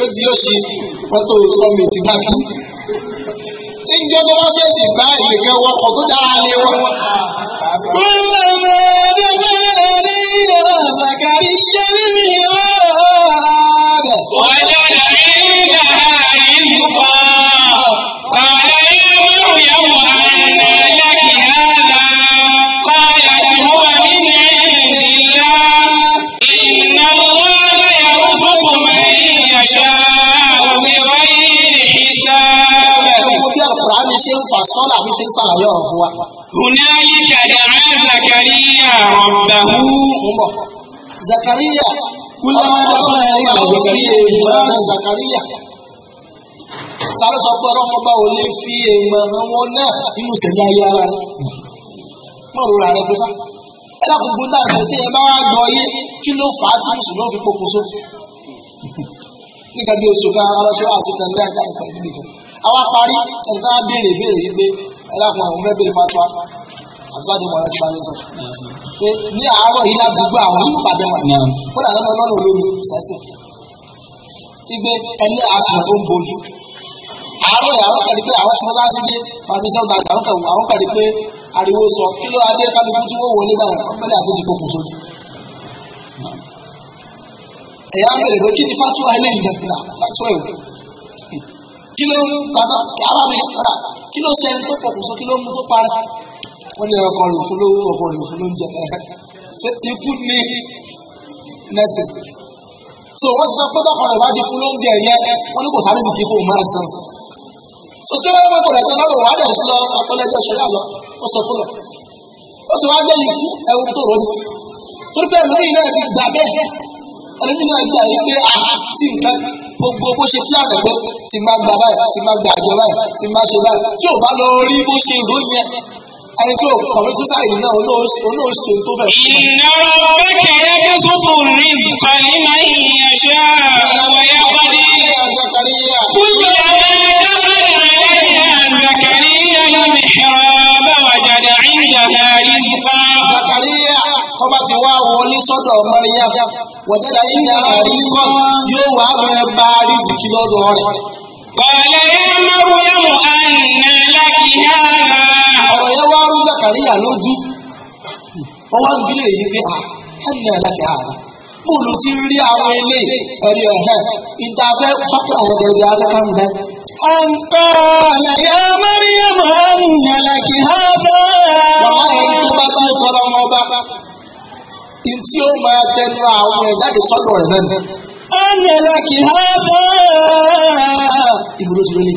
pé tí ó ṣe fọ́tò sọ́mìtì gbàgbé ìjọ tó bá ṣèṣì bá ìgbẹ̀gẹ̀ wọkọ̀ tó dára lé wọn. kúlẹ̀ mọ́ bẹ́ẹ̀ ní ọ̀sàkàrí yẹ́ mi rọ̀ ọ́ bẹ̀. wọ́n yára ní ìyá àyíkú pa. sọ́là bí ṣe ń ṣàlàyé ọ̀rọ̀ fún wa. Hùnálì kàdà á Zakariya Rabbahu. Ń bọ̀. Zakariya. Kúlẹ̀ máa dákọ̀ náà ní ìlànà ìfẹ́ ìmọ̀ràn Zakariya. Sáré sọ pé ọlọ́mọ bá ò lè fi èèmọ̀ wọn náà nínú ìṣẹ̀lẹ̀ ayé ara rẹ̀. Mọ̀ rọra rẹ̀ pé fá. Ẹ dákun gbọ́dọ̀ àgbẹ̀ tí ẹ bá wá gbọ́ yé kí ló fà á tí Mùsùlùmí fi pokùnso. Nígbà bí oṣù kan, àwa parí ẹnìkan á béèrè béèrè yìí pé ẹ dákun àwọn fẹ́ béèrè fatuwa àbúsáde mọ̀ ẹ́ tíwájú sọ pé ní àárọ̀ yìí ládùúgbò àwọn ìpàdé wọn kó dà lọ́nà lọ́nà olómi sẹ́sìn igbe ẹni àgbà tó ń bojú àárọ̀ yìí àwọn kàdí pé àwọn tí wọ́n bá ti dé pàmí sẹ́wọ̀n tàbí àwọn kàwé àwọn kàdí pé ariwo sọ kí ló adé kálukú tí wọ́n wọlé báyìí wọ́n pẹ́lẹ́ àti ìdìbò kò sójú ẹ̀yà bẹ̀rẹ̀ pé kí ni fatuwa ilé ìgbàgbà fatuwa ìwé kí ló ń bàbá bàbá mi padà kí ló ṣẹni tó pọkùnso kí ló mú tó para wọn ní ọkọ rẹ òfin lówó ọkọ rẹ òfin lóúnjẹ ẹ ṣe ikú ní next day so wọn ti sọ pé tọkọ rẹ bá ti fún lóúnjẹ yẹ wọn ní kò sáré ti kíkó mọ ẹsẹ so tí wọn mọkò rẹ tán lọ wà dẹ lọ akọlẹjọ ṣẹlẹ̀ àlọ ó sọ fún lọ ó sì wá gbé ikú ẹwù tó rọ ni gbogbo bó ṣe kí àrẹ pé ti máa gba báyìí ti máa gba àjọ báyìí ti máa ṣe báyìí tí ò bá lọ rí bó ṣe rò yẹn ẹni tí ò kọ̀wé tó sáyé náà olóò ṣe tó fẹ́. ìnáwó bẹ́ẹ̀kì ẹ̀yẹ́kẹ́ sọ́kù rìzìkà ní máa ń àwọn ẹ̀yà pàdé bá ti wá wọlé sọ́dọ̀ Maryam wọ̀jẹ́dá yìí ní àárí kọ́ yóò wá bẹ́ẹ̀ bá rìsìkì lọ́dọ̀ rẹ̀. Kọ̀lẹ́ yá Maryamu àná lákìá. Ọ̀rọ̀ yẹn wá rú Zakariya lójú. Wọ́n wá ń bílẹ̀ yìí pé àná lákìá rẹ̀. Bóòlù ti rí àwọn ilé ẹ̀rí ẹ̀hẹ́. Ìtafẹ́ fọ́kùn àwọn akẹ́kọ̀ọ́ rẹ̀. أنقال يا مريم أن لك هذا وعين تبطل ntí ó máa tẹnu àwọn ẹ̀dáde sọ́dọ̀ rẹ̀ lẹ́nu. Ánàlá kì í hádà. Ìbúrò ti lólè.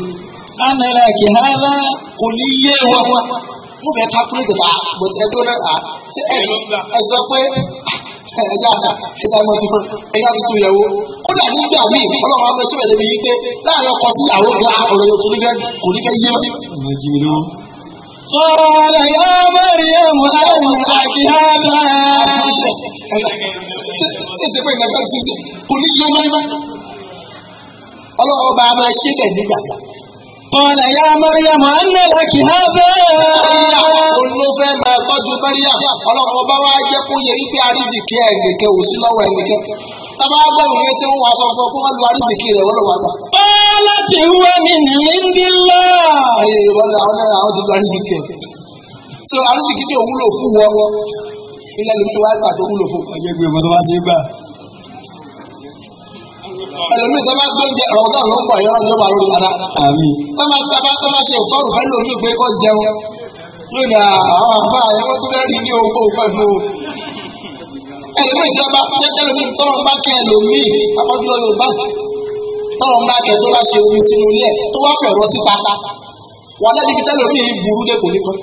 Ánàlá kì í hádà kò ní yé wa. Mo fẹ́ kápúlétì bá bọ̀tí ẹjọ́ náà ṣe ẹ sọ pé ẹja ẹja ẹmọ ti fún ẹja tuntun yẹ̀wò. Kódà nígbà míì ọlọ́run amẹ́sọ̀rọ̀ ẹ̀dẹ́bi yí pé láàárín ọkọ sí ìyàwó gan ọ̀rọ̀ yóò tún ní fẹ́ kò ní fẹ́ yé. قال يا مريم أنعك هذا sísè pé ìgbà fẹ́ẹ́ sísè kò ní yé mọ́ ọlọ́wọ́ bá a máa ṣe bẹ̀ nígbà kan. Kọ́lá yá Mariam Annalaki Hábẹ́. Olúfẹ́ máa tọ́jú Mariam. Ọlọ́run bá wá jẹ́ kó yẹ ibi àrísìkí ẹnìkẹ́ ò sí lọ́wọ́ ẹnìkẹ́. Tábà gbọ́dọ̀ yẹn ṣé wọ́n wá sọ fún ọ kó wọ́n lu àrísìkí rẹ̀ wọ́n lọ́wọ́ àgbà ti huwa min indillah. ayé wọn àwọn náà àwọn ti lu arísìkì ẹ so arísìkì tí ò wúlò fún wọ ilẹ̀ lómi wá gbà tó wúlò fún ẹ̀yẹ gbé ìmọ̀ tó bá ṣe gbà. ẹlòmíì tó bá gbé oúnjẹ ọ̀rọ̀ náà ló ń pọ̀ yọrọ ní ọba lórí ara. tó bá tó bá tó bá ṣe ìfọ̀rù fẹ́ lómi pé kó jẹun yóò ní àwọn àgbà ẹ̀wọ́n tó fẹ́ rí ní owó pẹ̀lú ẹlòmíì tí wọ́n bá tẹ́lẹ̀ mi tọ́lọ́ bá kẹ́ ẹlòmíì àpọ́jù ọ̀yọ́ báyìí tọ́lọ̀ ń bá kẹ tó bá ṣe omi sínú ilé ẹ̀ tó wá fẹ̀rọ síta wọn lẹ́bi kí tẹ́lẹ̀ oníyìí burú dé kò ní kan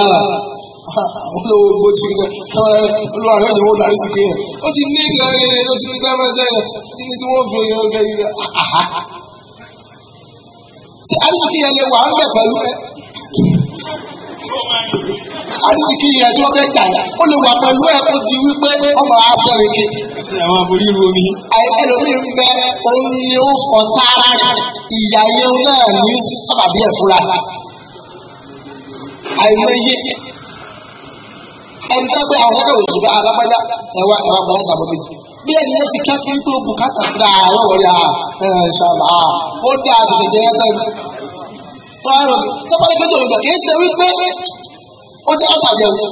ah, olówó gbòtì olúwa rẹ̀ yẹ̀wò lárí sí kéèyàn ó ti ní gẹ̀ẹ́rẹ́ ó ti ní gbẹ́mẹ́sẹ̀ ó ti ní wọ́n fi yẹn gẹ̀ẹ́rẹ́ ṣe àdìsí yẹn lè wà ń bẹ̀ pẹ̀lú àdìsíkì yẹn tí wọ́n fẹ́ gbà yà ó lè wà pẹ̀lú ẹ̀ kó di wípé ọmọ asọ̀rọ̀ ike. àwọn aborí ru omi. ẹlòmíín bẹ òun ni ó fọ tààrà ìyá yẹn náà ní sábàbí ẹ̀ fúnra. àìmọye ẹni tẹ́gbẹ́ àwọn ọ̀gá òṣù bá alágbájá ẹ̀wà ẹ̀wà gbọ́dọ̀ ìsàbọ̀ méjì. bí ẹni yẹn ti kẹ́kọ̀ọ́ pé ó bùkátà fúnra àwọn ọ̀rẹ́ à ah, ẹ̀ṣàlà ó dé àṣìṣe rárá tọ́pọ́lẹ́ pé tòun ìgbà kìí ṣe wípé ó jẹ́ àṣàyẹ̀wò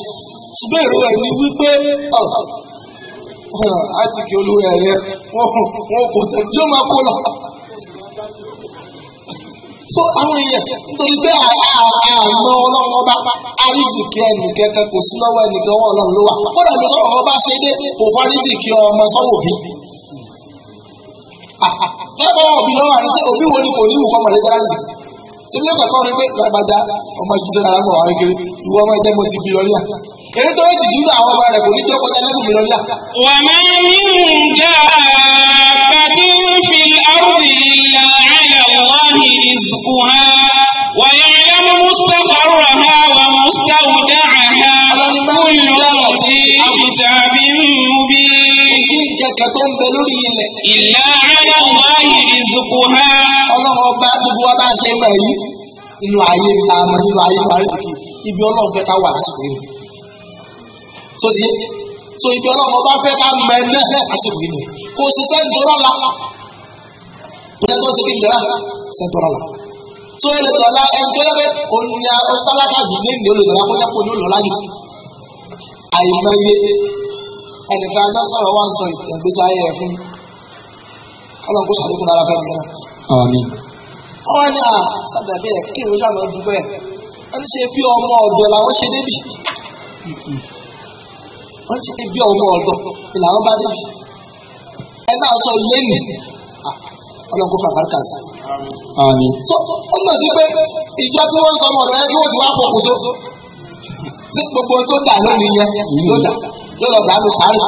ṣùgbọ́n èrò ẹ̀ ni wípé àti kí olówó ẹ̀rẹ́ wọn kò tẹ̀ yóò máa kó lọ. so àwọn èèyàn nítorí pé àmọ́ ọlọ́run ọba àrísìkí ẹnìkẹ́kẹ́ kò sí lọ́wọ́ ẹnìkan wọ́n ọlọ́run ló wà kódà bí ọlọ́run ọba ṣe dé kò fárísìkí ọmọ sọ́wọ́ bí lọ́wọ́ òbí lọ́wọ́ àrísẹ́ òbí wo ni kò ní ìwúkọ́ mọ̀lẹ́jà àrísìkí síbi yóò kàkọ́ rí pé lágbájá ọmọ ìṣiṣẹ́ náà lọ́wọ́ àwọn kiri ìwọ ọmọ ìjẹ́ mo ti bí lọ́rí èyí tó rẹ̀ jù àwọn ọmọ rẹ̀ kò ní jẹ́ kọjá lẹ́sùn mi lọ́rí wà á mú ga pàtó fi àrùn ìlà àyàwó àhìrìsùn ha. وَيَعْلَمُ مُسْتَقَرَّهَا وَمُسْتَوْدَعَهَا كل في كتاب مُبِينٍ إلا على الله رزقها ọlọ́run ọba gbogbo wa bá ṣe ń bẹ̀ yìí inú ayé ta mọ nínú ayé ta rìsìkì ibi ọlọ́run fẹ́ ká wà lásìkò yìí tó ti so ibi ọlọ́run ọba fẹ́ ká mọ ẹ náà lásìkò yìí kò sì sẹ́ńtọ́rọ́lá kò sẹ́ńtọ́ sí kí n jẹ́ra sẹ́ńtọ́rọ́lá tó yẹ lè tọ́lá ẹni tó yẹ pé òní ọtálákà jù lé ní olùdókòwò kó yẹ kó ní olùlọ́lá yìí. àìmọye ẹnìkan ajá sọ̀rọ̀ wá ń sọ ìtàn ìgbésí ayé ẹ̀ fún ọlọ́run kó sàlékún lára fẹ́ nìyẹn náà. ọwọ́ ni à sàdàbí ẹ̀ kí ìwé sàmọ́ dúpẹ́ ẹ̀ wọ́n ṣe bí ọmọ ọ̀dọ́ làwọn ṣe débi wọ́n ṣe bí ọmọ ọ̀dọ́ làwọn bá débi ẹ̀ náà sọ lẹ́nu ọlọ́run kó fà bárkà sí i. Àmín. tó ó mọ̀ sí pé ìjọ tí wọ́n ń sọ ọmọ ọ̀dọ̀ yẹn kí wọ́n ti wá pọ̀ kó so tí gbogbo tó dà lónìí yẹn ló dà yóò lọ dà ló sáré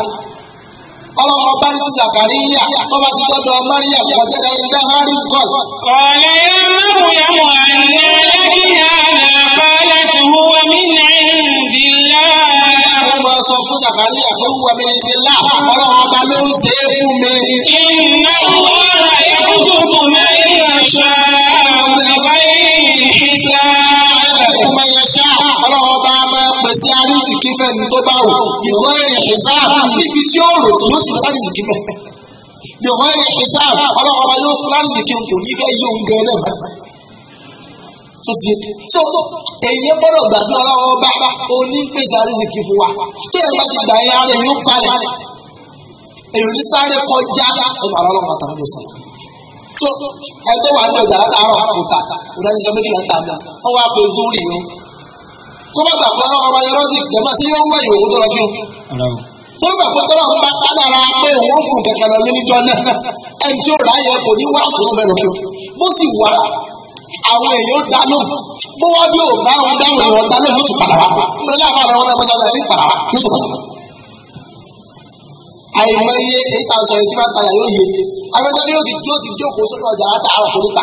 ọlọ́run ọba ní ti zakariya tó bá ti dọ́dọ̀ maria ọ̀jẹ̀dá ilé harris gọ́l. ọ̀lẹ́ mẹ́rù yẹn mọ̀ àná lẹ́yìn àná kọ́lá ti wúwo mí nàìjíríà bílá. ó máa sọ fún zakariya pé wúwo mi ní bílá ọlọ́run ọba ló ń ṣe é fún mi. iná arísìkí mẹ́ bí ọ̀hún ẹ̀rẹ̀ ìsáàbù ọlọ́run ọba yóò fún arísìkí kò ní fẹ́ yóò ń gẹ náà bá tó ti so èyí gbọ́dọ̀ gbàdúrà ọlọ́run ọba onípèsè arísìkí fún wa tó yẹ bá ti gbà yẹn ara èyí ó palẹ̀ èyí ò ní sáré kọjá ẹgbẹ́ ọlọ́run ọba tàbí ọ̀sán tó ẹgbẹ́ wa ní ọjà látàárọ̀ kùtà ìdánisọ méjìlá ń tàbí ọ wá pé zúrì yìí kó má gbàgbọ́ ọlọ́run ọba yẹn rọ́ọ̀sì tó gbà tọ́lọ́ ń bá kádàrá pé òun fún kẹ̀kẹ́ lọ lóníjọ́ náà ẹni tí kò ní wá sùn lọ́bẹ̀ lọ́kẹ́ bó sì wà àwọn èèyàn dá bó wá bí òun bá wọn dáhùn èèyàn dá yóò tún padà wá nígbà láàbà rẹ wọn náà mọ́sálà ní padà wá yóò sọ̀rọ̀ àìmọye èyí tá a sọ èyí tá a yóò yé abẹ́tẹ́ ni yóò ti yóò ti jókòó sórí ọjà àtà àwọn kò ní ta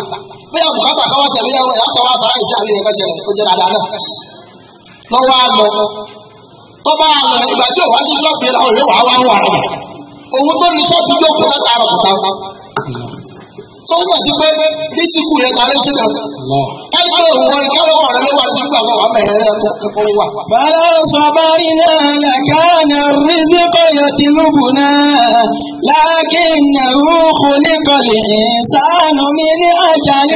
bóyá bùkátà kọ́wọ́sẹ̀ bóyá ọ̀rọ̀ yàtọ̀ wá sàrà ìṣe tọ́ba àlọ́ ìgbà tí òwá sí ṣọ́ọ̀bù yẹn làwọn ìwé wàá wà rẹ̀ òun tó ní ṣọ́ọ̀bù jókòó látara kùtà tó ń gbàsí pé rísíkù yẹn kàrí sí kan kárí pé òun wọlé kárí wọn rẹ ló wà sí gbàgbọ́ wà bẹ̀rẹ̀ rẹ kó wà. bàlá sọ̀bárì náà làkàna rísíkọ̀ yóò ti lùbù náà lákìn náà ó kò ní kọ̀lì ìsánú mi ní àjálí.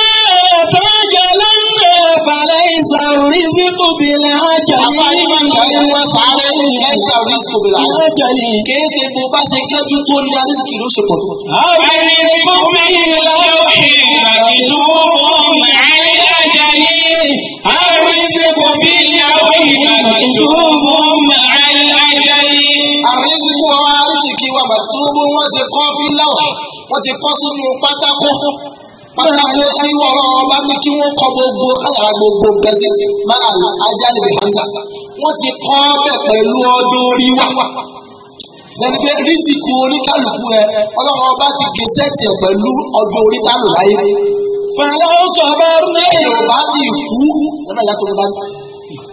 ọ̀tọ́jà lẹ́sẹ̀ ọ̀bàlẹ̀ ìsàrí síkù bìlẹ̀ ajali. àfààní máa ń lọ ní wọn sàárẹ̀ ìlẹ̀ ìsàrí síkù bìlẹ̀ ajali. kìí ṣe bó bá ṣe kẹ́jú tó ní arísìkì ló ṣe pọ̀ tó. àwọn ẹni tó mi lọ́wọ́ ìrìnàjò mọ́ àìlájàlí. àwọn ẹni tó mi lọ́wọ́ ìrìnàjò mọ́ àìlájàlí. àrísìkù ọmọ arísìkì wa màtúbù wọn ṣe kọ́ fíláwà wọn ti kọ́ sínú pátákó pátá ló tí wọ́n ọba ní kí wọ́n kọ gbogbo kádàrá gbogbo gbèsè máa lọ ajá lè fi hànta wọ́n ti kọ́ bẹ̀ pẹ̀lú ọdún orí wa lẹ́nu pé rísìkì oníkálukú ẹ ọlọ́run ọba ti gèsè tiẹ̀ pẹ̀lú ọdún orí tá lò láyé. fẹlẹ ó sọ bẹ́ẹ̀ ní yorùbá ti kú lọ́nà ìyá tó ń bá ní.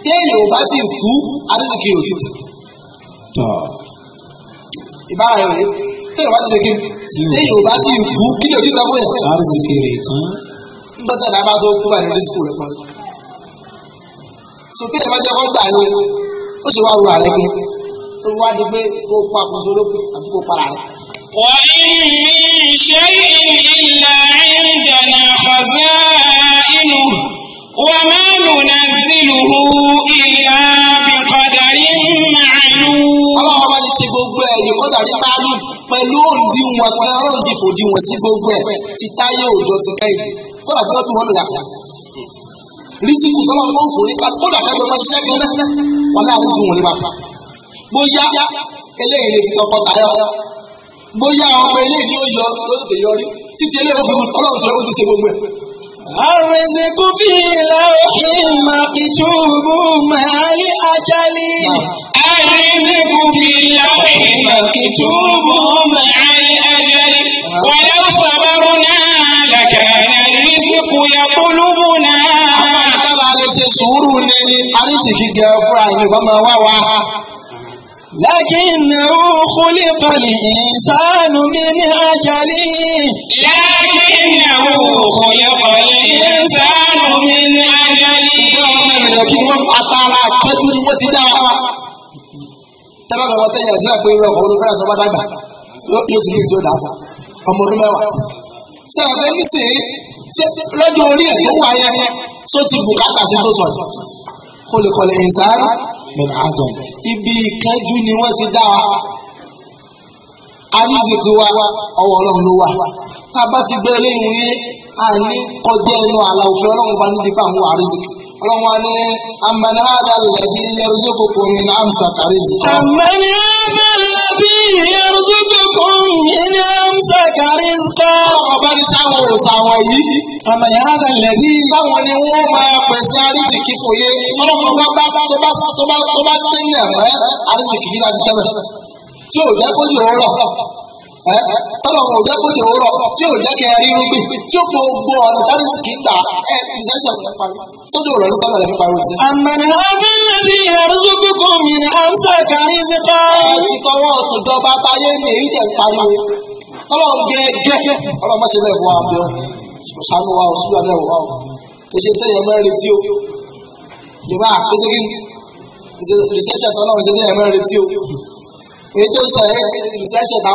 ní yorùbá ti kú adéṣèkì yòó ti tù. ìbára ẹ̀ wọ̀nyí téèyàn bá ti ṣe kí téèyàn ò bá ti kú kí ni òkìtà fún yẹn. a ti kéré tán. nígbà tá a dábàá tó kú bá ní ní sukùl rẹ fún ọ. bá jẹ́ kó gbà ó sì wá rú ààrẹ pé ó wá di pé kó pa àkóso lókun àti kó para rẹ. وإن من شيء إلا عندنا خزائنه وما ننزله إلا بقدر معلوم tààlù. ọlọ́run bá ti ṣe gbogbo ẹ̀ yìí kọ́dà ní tààlù pẹ̀lú òdiwọ̀n pé ọlọ́run ti fòdiwọ̀n sí gbogbo ẹ̀ ti táyé òjò ti kẹ́yìn kọ́dà tí wọ́n fi wọ́n lè yàtọ̀. rìsíkù tọ́lọ́run ló ń fòrí ká kọ́dà kẹ́jọ máa ṣiṣẹ́ kan náà wọn náà rìsíkù wọn lè máa bóyá eléyìí lè fi tọkọtaya bóyá ọmọ eléyìí ni ó yọ lórí yọrí títí eléyìí fi ọlọ́run ti ṣe gbogbo ẹ̀. الرزق في اللوح مكتوب مع الأجل ولو صبرنا لكان الرزق يطلبنا sùúrù ni arísìkí gẹ fúra ẹni bá لكنه خلق الإنسان من أجل لكنه خلق الإنسان من أجل Ìgbà wọn ni ìrẹ̀kí wọn tẹ́lá bẹ̀rẹ̀ wọ́n tẹ́yà sílẹ̀ pé irú ọkọ̀ olùkọ́ àtọ́wá dàgbà yóò ti ní ìdí ó dàgbà ọmọ ọdún mẹ́wàá. ṣé ẹ̀fẹ́ nísìnyí ṣé rédíò orí ẹ̀ tó wáyé tó ti bùkátà sí tó sọ̀rọ̀ kó lè kọ́lé ìsáré mẹ́rin àjọ ibi ìkánjú ni wọ́n ti dá wa arizikì wa ọwọ́ ọlọ́run ló wà tá a bá ti gbé eléyìí wọ́n yé àní kọjá ẹnu àlà òfin ọlọ́run bá nídìí bá ọlọ́run wa ní amani adalẹ̀dí yẹrùsókò kò mí ní amsa kàrísì. amani adalẹ̀dí yẹrùsókò kò mí ní amsa kàrísì. ọlọ́run bá ní sáwọn òòsàwọn yìí. amani adalẹ̀dí. sáwọn ni wọ́n máa pèsè àrísìkí fòye ọlọ́run bá bá tó bá tó bá sẹ́yìn ẹ̀fẹ́ àrísìkí yìí láti sẹ́bẹ̀ tí ò jẹ́ kó rọ̀ ẹ tọ́lọ̀ wọn ò jẹ́ kó jẹ́ òwúrọ̀ tí ò jẹ́ kẹ́ rí irúgbìn tí ó fò gbó ọ̀nà tàbí sì kì í gbà ẹ ìṣẹ́ṣẹ́ òun parí sójú òrọ̀ ní sábà lẹ́fi parí òtí. àmàlà abẹ́rẹ́dì àrùsọ́kù kò mí ní àmsà kárí ṣe pa. láti tọwọ́ tòjọba táyé ní èyí tẹ̀ ń pariwo tọ́lọ̀ gẹ́gẹ́ tọ́lọ́ ìṣẹ́ṣẹ́ mẹ́rin tí ó èyí tó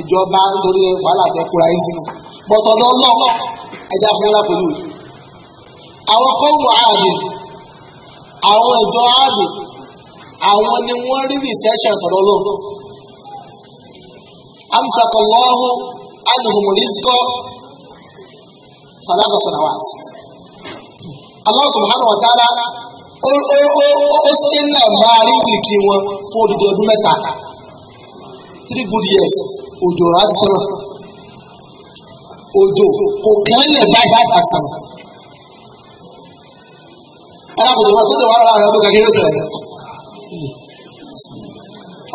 ìjọba nítorí wàhálà tẹ fúra yín sínú bọ̀tọ̀ lọ́lọ́ ẹja fún yàrá pẹ̀lú yìí. àwọn kọ́ọ̀mù ààbò àwọn ààbò àwọn ni wọ́n rí rìsẹ́ṣẹ̀ tọ̀dọ̀ lọ. amsakọlọ́hún anuhumulisikọ sadaka sanawati. wa ta'ala wọn fún odidi ọdún three good years òjò rà sọ̀rọ̀ òjò kò kẹ́lẹ̀ báyìí àti sọ̀rọ̀ alákòóso wa tó tẹ̀ wá lára ọdún kankan yóò ṣẹlẹ̀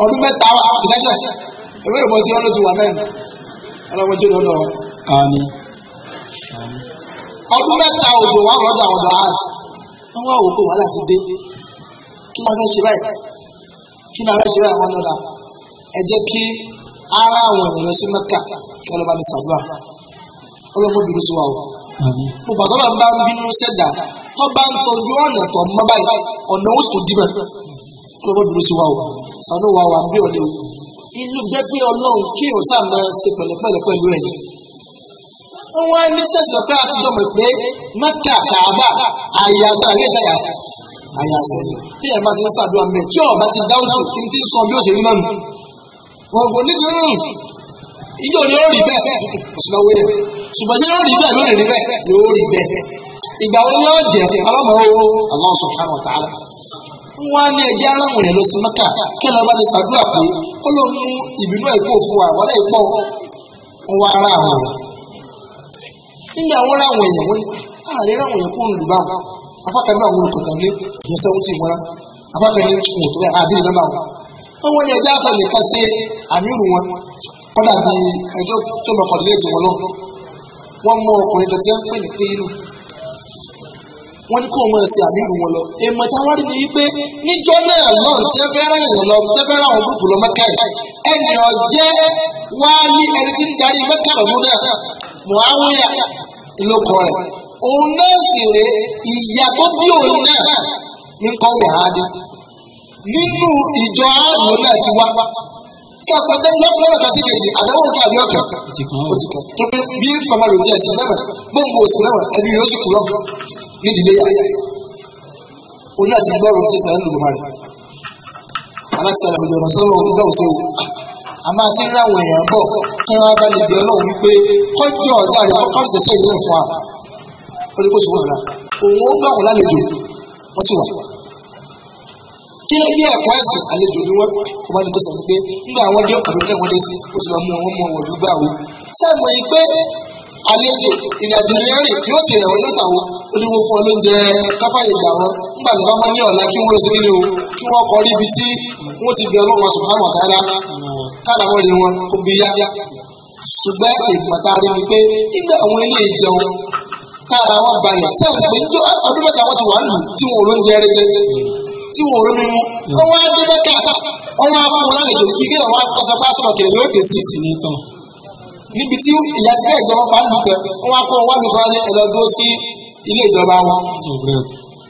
ọdún mẹ́ta wa ìṣẹ́ṣẹ́ ẹ̀mí ìrọ̀bọ̀ tí wọ́n ló ti wà mẹ́rin ọlọ́wọ́ tí ó lọ́dọ̀ wọn. ọdún mẹ́ta òjò wa lọ́dọ̀ ọ̀dọ̀ àjò wọ́n wá òkú wàhálà ti dé kí ni a fẹ́ ṣe báyìí kí ni a fẹ́ ṣe báyìí ẹ jẹ́ kí ara àwọn èèyàn sí mẹ́kà kí ọlọ́ba ní sàdúrà ọlọ́mọ bínú sí wa o. mo bàtọ́ náà bá ń bínú sẹ́dá tó bá ń tọ́jú ọ̀nà tó mọ́ báyìí ọ̀nà ó sì dìbẹ̀ ọlọ́mọ bínú sí wa o. sànú wa wà ń bí ọ̀lẹ́ o. ìlú jẹ́ pé ọlọ́run kí o sá máa ṣe pẹ̀lẹ́pẹ̀lẹ́ pẹ̀lú ẹ̀ wọ́n wá ní sẹ́sẹ̀ pé àtijọ́ mọ̀ pé mẹ́kà kàábà àyà sàrẹ́ sàyà àyà sẹ́yìn tí ẹ̀ máa ti ń sàdúrà mẹ́ tí ọ̀bá ti dáhùn tó kí n ti sọ bí ó ṣe rí náà nù wọn kò ní dúró ijó ni ó rí bẹ́ẹ̀ ìṣúnáwó yẹn ṣùgbọ́n yóò rí bẹ́ẹ̀ lórí rí bẹ́ẹ̀ yóò rí bẹ́ẹ̀ ìgbà wo ni ó jẹ ọlọ́mọ owó Allah subhanahu wa ta'ala wọn ní ẹjẹ aráwọn yẹn lọ sí mẹ́kà kí ẹ lọ bá ti ṣàdúrà pé ó ló mú ìbínú ẹ̀ kó fún wa wọ́n lè pọ̀ ń wá ara àwọn yẹn nígbà wọn ráwọn yẹn wọn láàrin ráwọn yẹn kó ń owó ni ẹjẹ́ àfẹlẹ̀ kan sí àmírù wọn kọ́dà bí ẹjọ́ tó mọ̀ kọ̀dínéètì wọn lọ wọ́n mú ọkùnrin kan tí wọ́n ń pè ní péyìlú wọ́n ní kó o máa ṣe àmírù wọn lọ èèmọ̀ tá a wá rí ni wípé níjọ́ náà lọ tí wọ́n fẹ́ ráyìn lọ tí wọ́n fẹ́ ráwọn gúrùpù lọ mẹ́kà yìí ẹnì ọ̀jẹ́ wá ní ẹni tí ń darí mẹ́kà lọ́dún náà Muawiya ìlókọ rẹ̀ òun náà sì rè ìyá tó bí òun náà ní nínú ìjọ àrùn náà ti wá tí a fẹ́ tẹ́ lọ́kùnrin náà kàṣí kejì àdáwò nǹkan àbí ọ̀kan ó ti kàn tó pé bí fama rò jẹ́ ẹ̀sìn lẹ́wọ̀n gbóngbò òsìn lẹ́wọ̀n ẹbí yóò sì kúrọ̀ nídìílé yá o ní àti gbọ́rọ̀ tí sàrẹ́ lùgbọ́n rẹ̀ aláṣẹ́rẹ́ ọ̀dọ̀ ọ̀rọ̀ sọ́wọ́ nígbà òṣèwò àmọ́ àti rí àwọn èèyàn bọ̀ kí wọ́n bá lè bí ọlọ́run wípé kọjọ́ ọ̀dà rẹ̀ kọ́kọ́ ṣẹ̀ṣẹ̀ ìlú ẹ̀fọ́ à ó ní kó sọ wọn fúnra òun ó gbà wọn lálejò wọ́n sì wà kí ló ní ẹ̀kọ́ ẹ̀sìn àlejò ni wọ́n ọba ní tó sọ pé nígbà àwọn dé ọ̀dọ́ náà wọ́n dé sí ó sì lọ mú wọn mú wọn lùgbà wo sẹ́ẹ̀mọ̀ yìí pé àlejò ìrìnàjò ní ẹ̀rìn yóò ti rẹ̀ wọ́n yóò sàwọ́ ó ní wọ́n fún ọ lóúnjẹ káfáyé gbà wọn nígbà tó bá mọ́ ní ọ̀la kí wọ́n lọ sí nílé o kí wọ́n kọ́ níbi tí wọ́n ti bẹ ọlọ́wọ́ sùnmọ́ tí wọn ò rí mímú ọwọ́ adébẹ́ káàpá ọwọ́ afún wọn lálejò kí kí lọ́wọ́ akọ́sọ bá sọ̀rọ̀ kìlẹ̀ yóò dé sí i. níbi tí ìyá ti bẹ́ẹ̀ ìjọba pa nù kẹ wọn akọ wọn mi kọ́ra ní ẹlọ́dún sí ilé ìjọba wọn.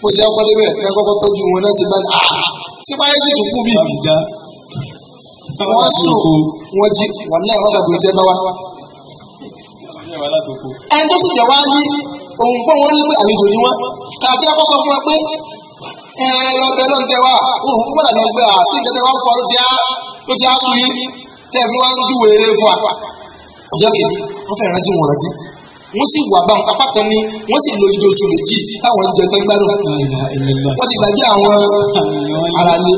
mo ṣe ọkọ débẹ̀ ẹ kọ́kọ́ tọ́jú wọn náà sí bá a sí ah, báyé sì tún kú bí ibi. wọ́n sùn wọ́n jí wọn náà wọ́n kàgbé tẹ́ bá wa. ẹni tó sì jẹ́ wá ní òun gbọ́ wọn ní àlejò ni wọ́n tàbí ẹ lọ bẹ lọ́n tẹ wá òun kúkú padà lọ gbé àṣì ìjọba wọn fọ ló ti á ló ti á sùn yín tẹ fi wọn ń dúwèé lé fún wa. ọjọ́ kejì wọ́n fẹ́ rántí wọn rántí wọ́n sì wà báwọn apá kan ní wọ́n sì lo ìdí oṣù méjì táwọn jẹ tó ń gbádùn. wọ́n ti gbàgbé àwọn ara lé.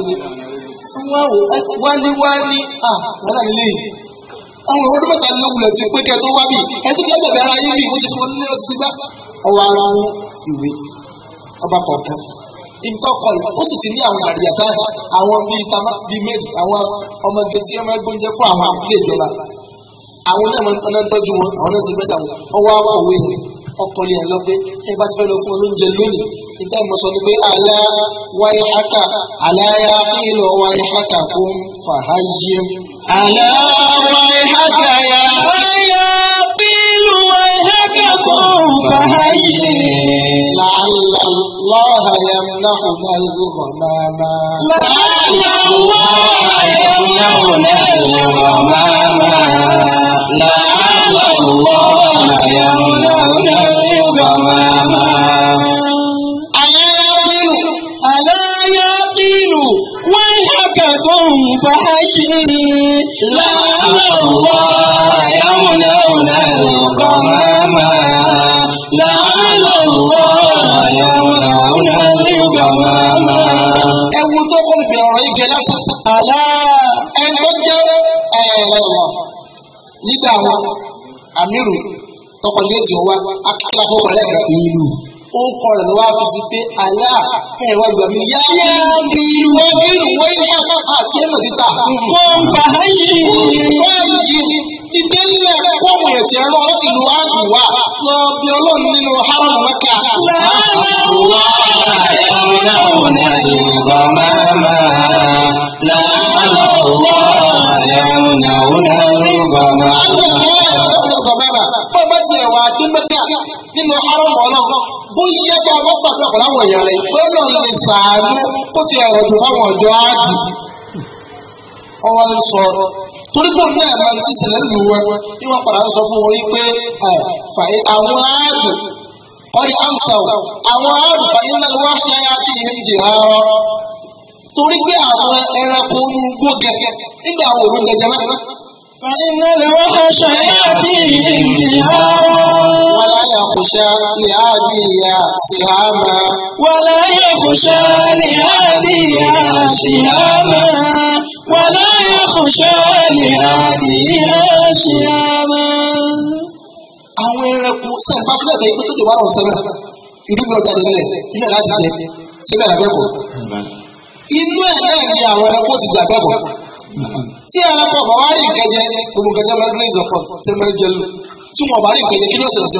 wálé wálé ah wàhálà nílé yìí àwọn ọdún mẹ́ta ló wulẹ̀ ti pé kẹ́ tó wá bí ẹni tó ti ẹgbẹ̀bẹ̀ ara yín bí ó ti fún ní ọtí bá ọwọ́ ara ní ìwé ọba kọ̀ọ̀kan ìtọ́kọ̀ yìí ó sì ti ní àwọn àríyàtá àwọn bíi tamá bíi mẹ́rin àwọn ọmọge tí wọ́n máa gbóúnjẹ fún àwọn ilé ìjọba àwọn náà máa ń tọ́jú wọn àwọn náà sì bẹ́ẹ̀ tàwọn ọwọ́ àwọ̀wé yìí ọkọlẹ̀ ẹ̀ lọ pé ẹ bá ti fẹ́ lọ fún olóúnjẹ lónìí níta ìmọ̀ sọ ni pé alá wáyé haka aláyá ìlọ wáyé haka kó ń fà á yé. alá wáyé haka yà á yà bí. وهبكم فهيئ لعل الله يمنحنا الغمام لعل الله يمنحنا الغمام لعل الله يمنحنا الغمام فحشي لعل الله يمنعنا يلقاها لعل الله يمنعها يلقاها. ẹwu tó kọ́ ibi ọ̀rọ̀ yìí gẹ lásán. àlá ẹgbẹ́ jẹ́ ẹ̀rọ nígbà wọn amiru tọkọlẹ́tì ọwa akíkà fọwọ́ ẹ̀rọ ìlú ó kọ rẹ̀ lọ́wọ́ fi si pé àlá ẹ̀wọ́ ìgbà mi yá bírú wọ́n bírú wọ́n yá àti ẹ̀mọ̀ títà. wọ́n bá yìí wọ́n yìí. ìdí ńlẹ̀ kó àwọn èèyàn ti láti lu áàgì wá lọ bí ọlọ́run nínú haramu mẹ́ta. láàárọ̀ ẹ̀rọ náà ò ní àyùbọ̀ máma. láàárọ̀ ẹ̀rọ náà ò ní àyùbọ̀ nínú láwọn lè sàánú kó ti ọwọ́ ń sọ torí pé òun náà máa ń tíṣẹ̀lẹ̀ lù wọn ní wọ́n padà ń sọ fún wọn wípé fàyè àwọn áàdù ọdí amsa àwọn áàdù fàyè ńlẹ̀ wọ́n ṣe àti ìhìn jìhárọ́ torí pé àwọn ẹranko ń gbó gẹ̀gẹ̀ nígbà àwọn òru ń mẹ́ta. fàyè ńlẹ̀ wọ́n ṣe àti ìhìn jìhárọ́. wàlá yà kùṣà sí àmà. wàlá yà kùṣà sí àmà. ولا يخشى لهذه صياما àwọn ẹranko sẹ́yìn fásitì bẹ́ẹ̀ pé tó jọba ọ̀hún sẹ́yìn ìdúgbò ọjà nílẹ̀ ilẹ̀ láti jẹ sẹ́yìn àbẹ́kọ̀ inú ẹ̀ náà ni àwọn ẹranko ti dàbẹ́kọ̀ tí ẹranko ọ̀bà wá rí nǹkan jẹ gbogbo nǹkan jẹ máa ń gbé ọ̀pọ̀ tí wọ́n máa ń jẹ lù tí wọ́n bá rí nǹkan kí ló ṣẹlẹ̀ sí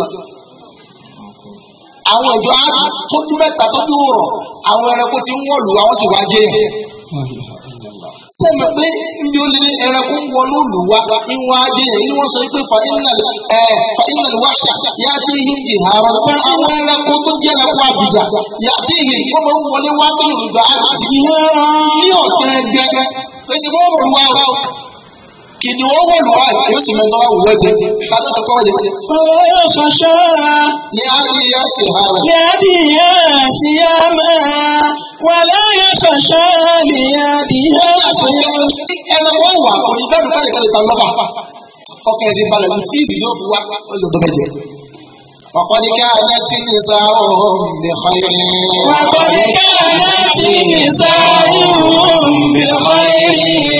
àwọn ìjọ á tó dún mẹ́ta tó dún rọ̀ àwọn ẹranko ti ń wọ̀lù àwọn sì wá jẹ́ sẹ́mi pé ndí ó lé ní ẹranko ń wọnú lù wá ìwọ̀n ajé yẹn ni wọ́n sọ pé fàínàlì wáṣà yá tí yìí jì àárọ̀ àwọn ẹranko tó jẹ́ ẹranko àbìjà yá tí yìí wọ́n máa ń wọlé wá sínú ìgbà àjèjì ní ọ̀sán ẹgbẹ́ pèsè bọ́ọ̀rù wa o kìdí owó wò lùwà yóò sì mẹ́tọ́ wá wùwẹ́ jẹ bàtà sọ kọ́wé jẹ. fọlá yóò ṣọṣọ. ní adi yá sí ha rẹ. ní adi yá sí ya máa wàlá yóò ṣọṣọ ní adi yá sí ya. ẹnlẹ wọn wà kò ní bẹ́ẹ̀ bẹ́ẹ̀ kẹlẹ kan lọfà ọkẹ ẹsìn balẹ̀ ní tíìsì yóò fi wá ọjọ́ tó bẹ jẹ. وقد كانت نساؤهم بخير وقد كانت نساؤهم بخير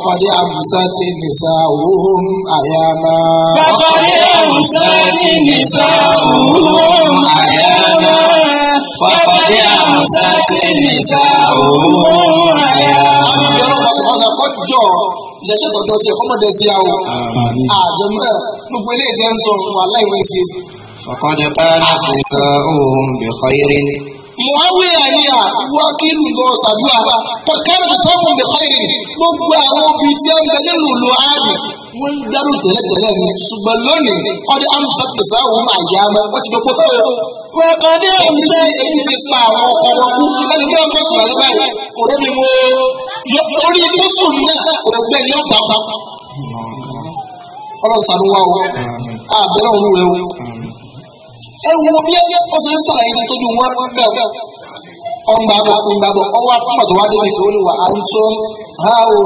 فقد أمست نساؤهم أياما فقد أمست نساؤهم أياما فقد أمست نساؤهم أياما ọjọ́ ìṣẹ̀ṣẹ̀ tọ̀dọ̀ ṣe kọ́mọdé sí ya o àjọmọ́ ẹ̀ gbogbo ilé ìtẹ́ ń sọ wàhálà ìwé ṣe. فقد كانت نساؤهم بخير muawiya ni a wakilu lọ sàdúrà kọkàrà tó sọfún bẹ xeyìn gbogbo àwọn obìnrin tí wọn bẹlẹ lòlò ààyè wọn gbẹrù tẹ́lẹ̀tẹ́lẹ̀ ni ṣùgbọ́n lónìí ọdẹ amusat bẹsẹ àwọn àyà máa wọn ti bẹ kó fẹyọ. wọ́pọ̀dé ọ̀sẹ̀ èyí ti fa àwọn ọkọ wọn kú ẹni bí ọkọ sùn lọ́wọ́ báyìí kò débi mo orí mùsùn náà ògbẹ ni ọ̀pá ọlọ́sàn-án wa o àbẹ̀rẹ̀ òun rẹ o ẹwọ bí ó ṣe ń sàlàyé ní tójú wọn bẹ́ẹ̀ ọgbàbọ ọgbàbọ ọwọ akọmọdé wa débi tó ní wà á ń tó ha ò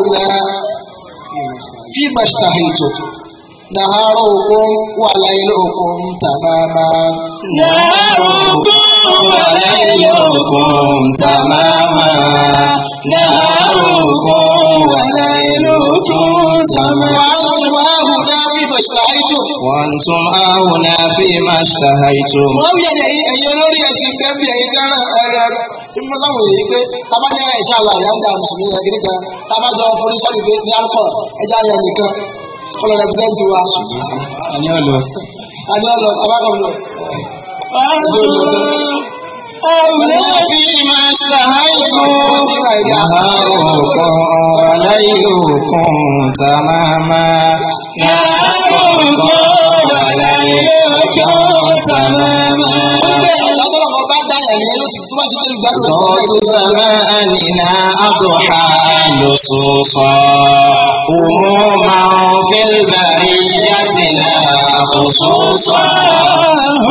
fí mẹsàáhìn tó. نهاركم وليلكم تماما نهاركم وليلكم تماما نهاركم وليلكم تماما اشتهيتم وانتم هاهنا فيما اشتهيتم. wọ́n yẹ ní ẹ̀yẹ lórí ẹ̀sìn fẹ́mi ẹ̀yìn dáná ẹ̀rẹ̀ mímú láwọn èyí pé tábà ní ẹ̀ṣá àlàyé àjà mùsùlùmí ẹ̀gírí kan tábà jọ forí sọ́ọ̀lì ní alcohol ẹja yẹn nìkan ọlọ rẹpẹsẹ̀ntì wa. ani ọlọ. ani ọlọ abakọ̀bí lọ. أولى بما اشتهيتم نهاركم وليلكم تماما نهاركم وليلكم تماما ìyẹn yóò ti tó bá ti tẹ́lẹ̀ gbádùn rẹ̀. Sọ́ọ́tù sàmà ànínà àdùhà lóṣooṣọ́. Òmù máa ń fílbà ìyá tìlà òṣooṣọ́.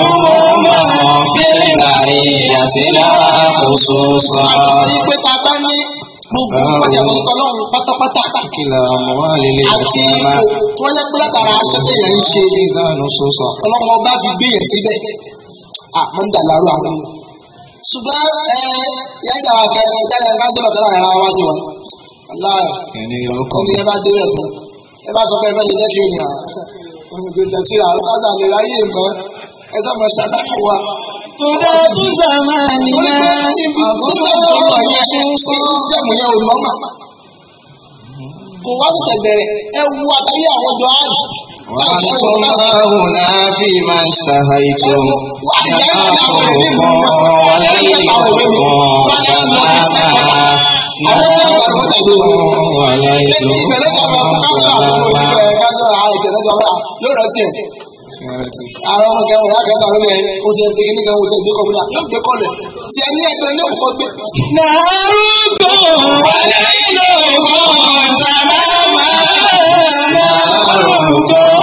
Òmù máa ń fílbà ìyá tìlà òṣooṣọ́. Àbúrò yìí pé ta bá ní gbogbo pàjáwìrì tọ́lọ́run pátápátá. kìlọ̀ ọmọwá lélẹ̀ àti ipò tó yẹ pé látara aṣọ́jẹ́ yẹn ń ṣe. ọlọ́mọ bá fi gbé yẹn síbẹ̀. àmọ́ ń dà lárú àwọn ṣùgbọ́n ẹ yẹn jà wà kẹrin ìtẹ́lẹ̀ ń bá sí bàtà láàrin ara wá sí wa. aláàrẹ ẹni ọkọ mi ẹ bá dé bẹ̀ fún ẹ bá sọ pé ẹ fẹ́ ṣe dẹ́kì ni àwọn ọmọdé tẹ̀sí ra ọ̀sáàsà lè ráyè mọ́ ẹ sọ̀mọ̀ ṣàdáfù wa. Kódà tó sàmà nínú ibi tí ọ̀rọ̀ yẹn sísẹ́mù yẹn ò lọ́mà. Kò wá sẹ̀bẹ̀rẹ̀ ẹ wo àtàyé àwọn jọ áàjì. وأنتم فيما استهيتم تفاخركم وليكم كما àwọn ọmọ kẹwọn ìyá fi kíní kan o ti gbé kọ fúnra yóò gbé kọlẹ tí ẹ ní ẹgbẹ ní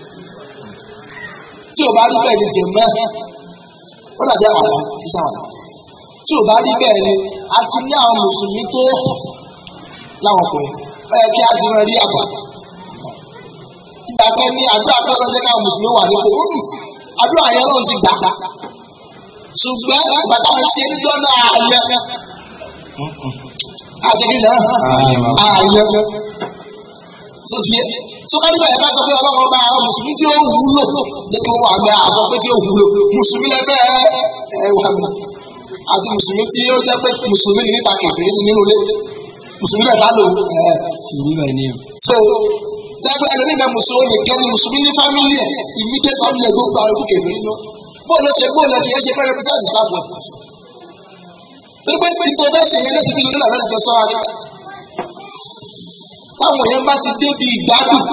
tí ò bá rí bẹ́ẹ̀ ni jẹ̀ mọ́ ó dàbí àwàdà kì í ṣàwàdà tí ò bá rí bẹ́ẹ̀ ni a ti ní àwọn mùsùlùmí tó yàtọ̀ láwọn ọkùnrin ó yẹ kí a ti máa rí àgbà ìgbà kan ní àdúrà pé ọlọ́jẹ́ káwọn mùsùlùmí wà ní kò wọ́n àdúrà yẹn lọ́n ti gbà ṣùgbọ́n ìgbà táwọn ṣe ní jọ́nà ààyè àṣekíjà ààyè tó ti yẹ tó bá nígbà yẹn bá sọ pé ọlọ́run ọba àwọn mùsùlùmí tí ó wúlò jẹ́ kí wọ́n àgbẹ̀ àsọ pé tí ó wúlò mùsùlùmí lẹ́fẹ́ ẹ wà mí àti mùsùlùmí tí ó jẹ́ pé mùsùlùmí ní níta kẹfìrí nínú ilé mùsùlùmí lẹ́fẹ́ lò ẹ. so jẹ́pẹ́ ẹlẹ́ni bẹ mùsùlùmí nìkan ni mùsùlùmí ní fámìlì ẹ̀ immediate family ẹ̀ gbogbo àwọn kẹfìrí lọ bóòlù ṣe bóòlù ẹ̀ kì í ṣe fẹ́ represent islam well táwọn yẹn bá ti débi ìgbádùn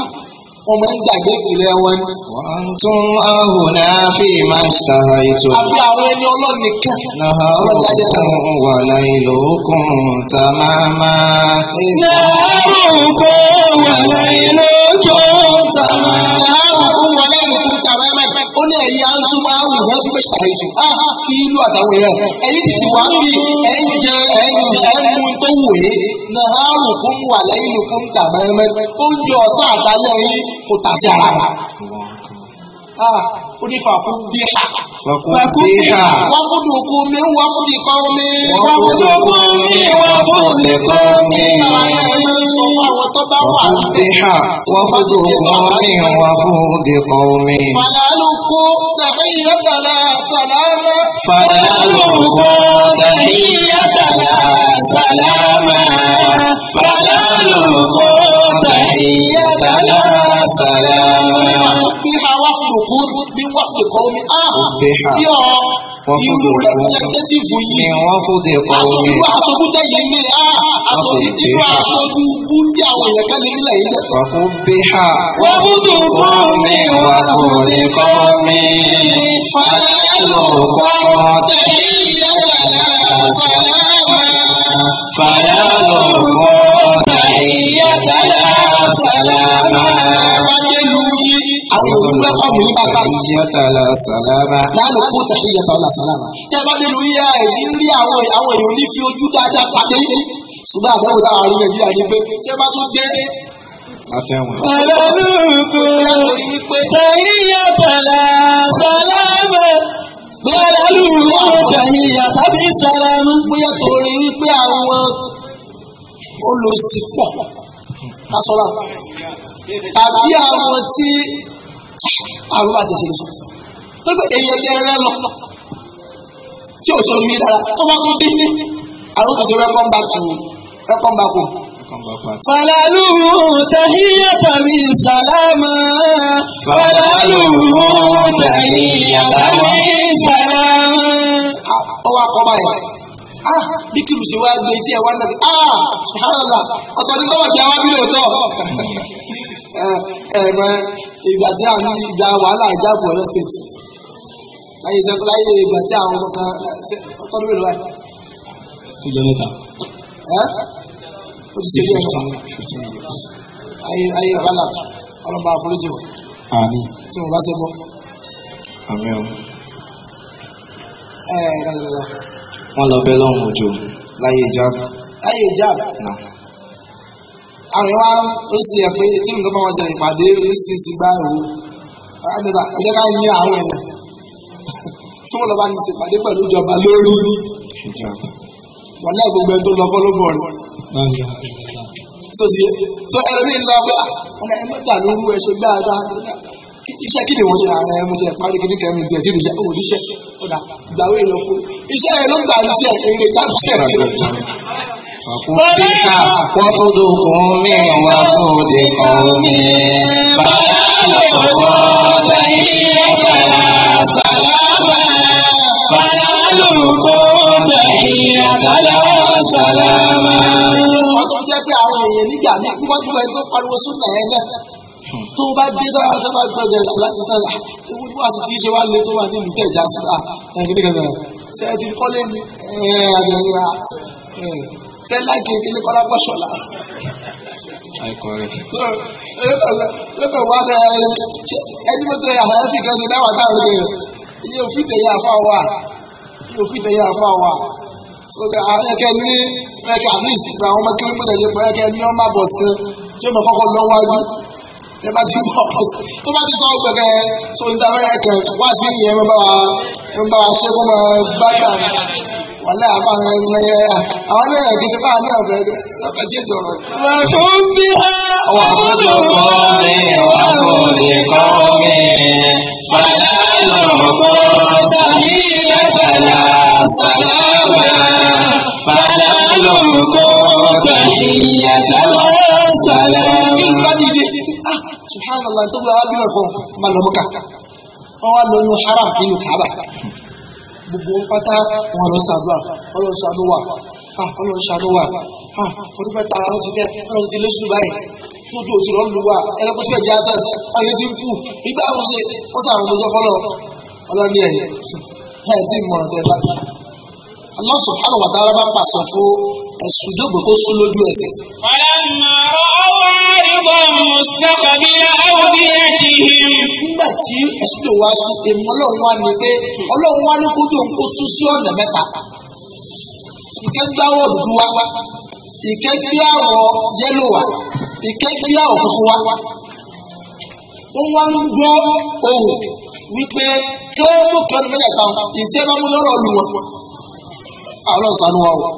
wọ́n máa ń gbàgbé ìpìlẹ̀ wọn ni. wọ́n tún ahùn náà fi máa ń ṣàrọ̀ ètò. àfi àwọn ẹni ọlọ́run nìkan. náà ó wà láyé lókun tá a máa máa. náà ó wà láyé lókun tá a máa. náà ó wà láyé lókun tá a máa máa ó ní ẹ̀yin á ń tún máa wù wọ́n sí pẹ̀sẹ̀ àìtì á kí ìlú àtàwọn èèyàn ẹ̀yin sì ti wá bí ẹ̀ ń jẹ ẹ̀ ń jẹ ẹ̀ ń mu tó wù yé nàárù kún wà lẹ́yìn lókun tà mẹ́mẹ́ oúnjẹ ọ̀sán àtàlẹ́ yín kò tà sí ara rà ó ní fàkún bí ha. fàkún bí ha. wọ́n fún dùkú mi wọ́n fún dìkọ́ mi. wọ́n fún dùkú mi wọ́n fún dìkọ́ mi. àwọn tó bá wà. wọ́n fún bí ha. wọ́n dùkú mi wọ́n fún mi. fàlàlù kú tàbí yàtàlà sàlámà. fàlàlù kú tàbí yàtàlà sàlámà. fàlàlù kú tàbí yàtàlà nùbúr ní wàfúdì kọ́mi á sí ọ irú rẹpẹsẹtẹtìfù yìí aṣojú aṣojú tẹyẹ ní á aṣojú irú aṣojú kú tí àwọn èèyàn kan lè nílẹ̀ yìí lẹ́sẹ̀. wàfúdì kọ́mi wàfúdì kọ́mi fàlàlù kọ́ tẹ̀lé yẹtẹ̀lẹ̀ sàlámà fàlàlù kọ́. bá wà mí bá bá. ìyàtàlá sàlámà. láàánú kó tẹ̀lé ìyàtàlá sàlámà. tẹ́ bá nínú yíyá ẹ̀yìn rí àwọn àwọn èèyàn ní fi ojú dáadáa pàdé. ṣùgbọ́n àbẹ̀wò táwọn arúgbó nàìjíríà ní pé ṣé bá tún dé. àtẹ̀wọ̀n. ọlọ́lùkù ìyàtàlá sàlámà. ọlọ́lùkù ìyàtàbí sàlámà. bóyá torí wípé àwọn olùsìpọ̀ tàbí àwọn tí àwọn bá ti ṣe sọ wọ́n pẹ́ èyí ẹgbẹ́ rẹ lọ tí ò sọ̀rọ̀ yìí dára tó bá tún dé àwọn kò sí welcome back to welcome back home. Falaluhu tahiyata min salama. Falaluhu tahiyata min salama. Ó wá kọ́ báyìí. Ah bí kìlù ṣe wá gbé tí ẹ wá nàbí. Ah subhanallah ọ̀tọ̀ ní kọ́wọ̀ tí a wá bí lóòótọ́. Ẹ̀ẹ̀mẹ̀. Eh, eh, ìgbà tí a ń gba wàhálà ìjáàbò ọ̀yọ́ state láyé sẹ́kọ̀ láyé ìgbà tí àwọn ọmọ kan ọkọ̀ lórí ìlúwà. ìjọ mẹ́ta. ẹ́ ó ti ṣe ilé ẹ̀ka ayé ayé wàhálà ọlọ́mọ àforíjì wọn. àmín. tí mo bá ṣe bọ́. àmín o. ẹ ẹ dáadáa. wọn lọ bẹ lọ́hùn òjò láyé ìjáàbò. láyé ìjáàbò. náà àwọn yẹn wá ó sì yẹ pé tí nǹkan bá wọn ṣẹlẹ̀ ìpàdé oríṣiríṣi gbá òun àgbẹ̀dà ẹ̀jẹ̀ ká yín àwọn èèyàn tí wọ́n lọ bá ní ṣèpàdé pẹ̀lú ìjọba lórí wọn náà gbogbo ẹni tó lọ kọ́ ló bọ̀ rẹ̀. so ti so ẹlẹ́bí ń lọ pé ah, ọ̀nà ẹ̀ mọ́tà ló wú ẹṣẹ dáadáa iṣẹ́ kí ni wọ́n ṣe àwọn ẹ̀mú tiẹ̀ parí kíní kẹ́mi tiẹ̀ tí ìrìṣẹ́ òun níṣẹ́ ọ̀dà ìgbàwé ìlọ fún iṣẹ́ ẹ̀ ló gbà ń tiẹ̀ èrè tábìṣẹ́ فكفك وصدوكم من وصود قوم بلاء القرى تحيتنا سلاما بلاء القرى تحيتنا سلاما ọtún jẹ́ pé àwọn èèyàn nígbà ní wájú ẹ tó pariwo súnmọ́ ẹ náà tó bá dé dára tó bá gbọ́dọ̀ láti sẹ́yà ewu ni wàá sì ti ṣe wá lé tó wà nílùú tẹ̀já sí ẹ̀ẹ́dẹ́gbẹ̀rẹ̀ ṣe ni ti kọ́lé ní ẹ̀ẹ́dẹ́gbẹ̀rẹ̀ tẹ́ láìkí kíní kọ́lá gbọ́sọ̀la. lẹ́pẹ̀ wá bẹ ẹni mọ́tò yà fẹ́ fi kẹ́sì dáwà táwọn ọ̀rẹ́ iye òfin tẹ̀yẹ àfa wa iye òfin tẹ̀yẹ àfa wa so ẹ̀kẹ́ ní ẹ̀kẹ́ at least gba àwọn ọmọ kí wọ́n gbọ́dọ̀ ṣe pé ẹ̀kẹ́ ní ọmọ àbọ̀ sí tí ó mọ̀ kọ́kọ́ lọ́wọ́jú ẹ bá ti mọ̀ ọ́ tó bá ti sọ ọ́ gbẹ̀gẹ́ so ní tàbí ẹ̀kẹ́ wá sí ìyẹn bá wa ń bá wa ṣe kó máa gbàgbà wà láyà bá wọn ẹni náà yẹra àwọn náà kì í ṣe báyìí náà bẹ̀rẹ̀ ọ̀bẹ jẹ́ ìjọba. rẹ̀ fún bí a wà fúdù kọ́ mi wà fúdù kọ́ mi fàlà lọ́kọ́ tàbí ẹ̀tàlà sàlámà fàlà lọ́kọ́ tàbí ẹ̀tàlà sàlámà. ìgbà dìde ah, subhanallah tó abiyan kan malọmọka wọ́n wá lọ ní haram nínú kaaba gbogbo pátá wọn lọ sàdúrà wọn lọ sàdúrà ha wọn lọ sàdúrà ha ọdún mẹ́ta wọn ti fẹ́ wọn ti lé sùn báyìí tó dùn òtún lọ́dún wa ẹlẹ́kùn tí fẹ́ jẹ́ ata ayé ti ń kú nígbà wọn ṣe wọn sàrùn lójọ́ fọlọ́ ọlọ́ni ẹ̀yìn ẹ̀ tí mọ̀ràn tẹ́ bá Allah subhanahu wa ta'ala bá pàṣẹ fún ẹ̀sùn dógbò kó sún lójú ẹsẹ̀. Falamma ra'aw 'aridan mustaqbila awdiyatihim. Nígbà tí ẹ̀sùn tó wá sí èmi ọlọ́run wá ní pé ọlọ́run wá ní kótó ń kó sún sí ọ̀nà mẹ́ta. Ìkẹ́ gbé dúdú wá, ìkẹ́ gbé yẹ́lò wá, ìkẹ́ gbé funfun wá. Wọ́n wá ń gbọ́ ohùn wípé kí wọ́n mú kan mẹ́ta ìtẹ́ bá mú lọ́rọ̀ lù àwọn ọ̀sánú wa o.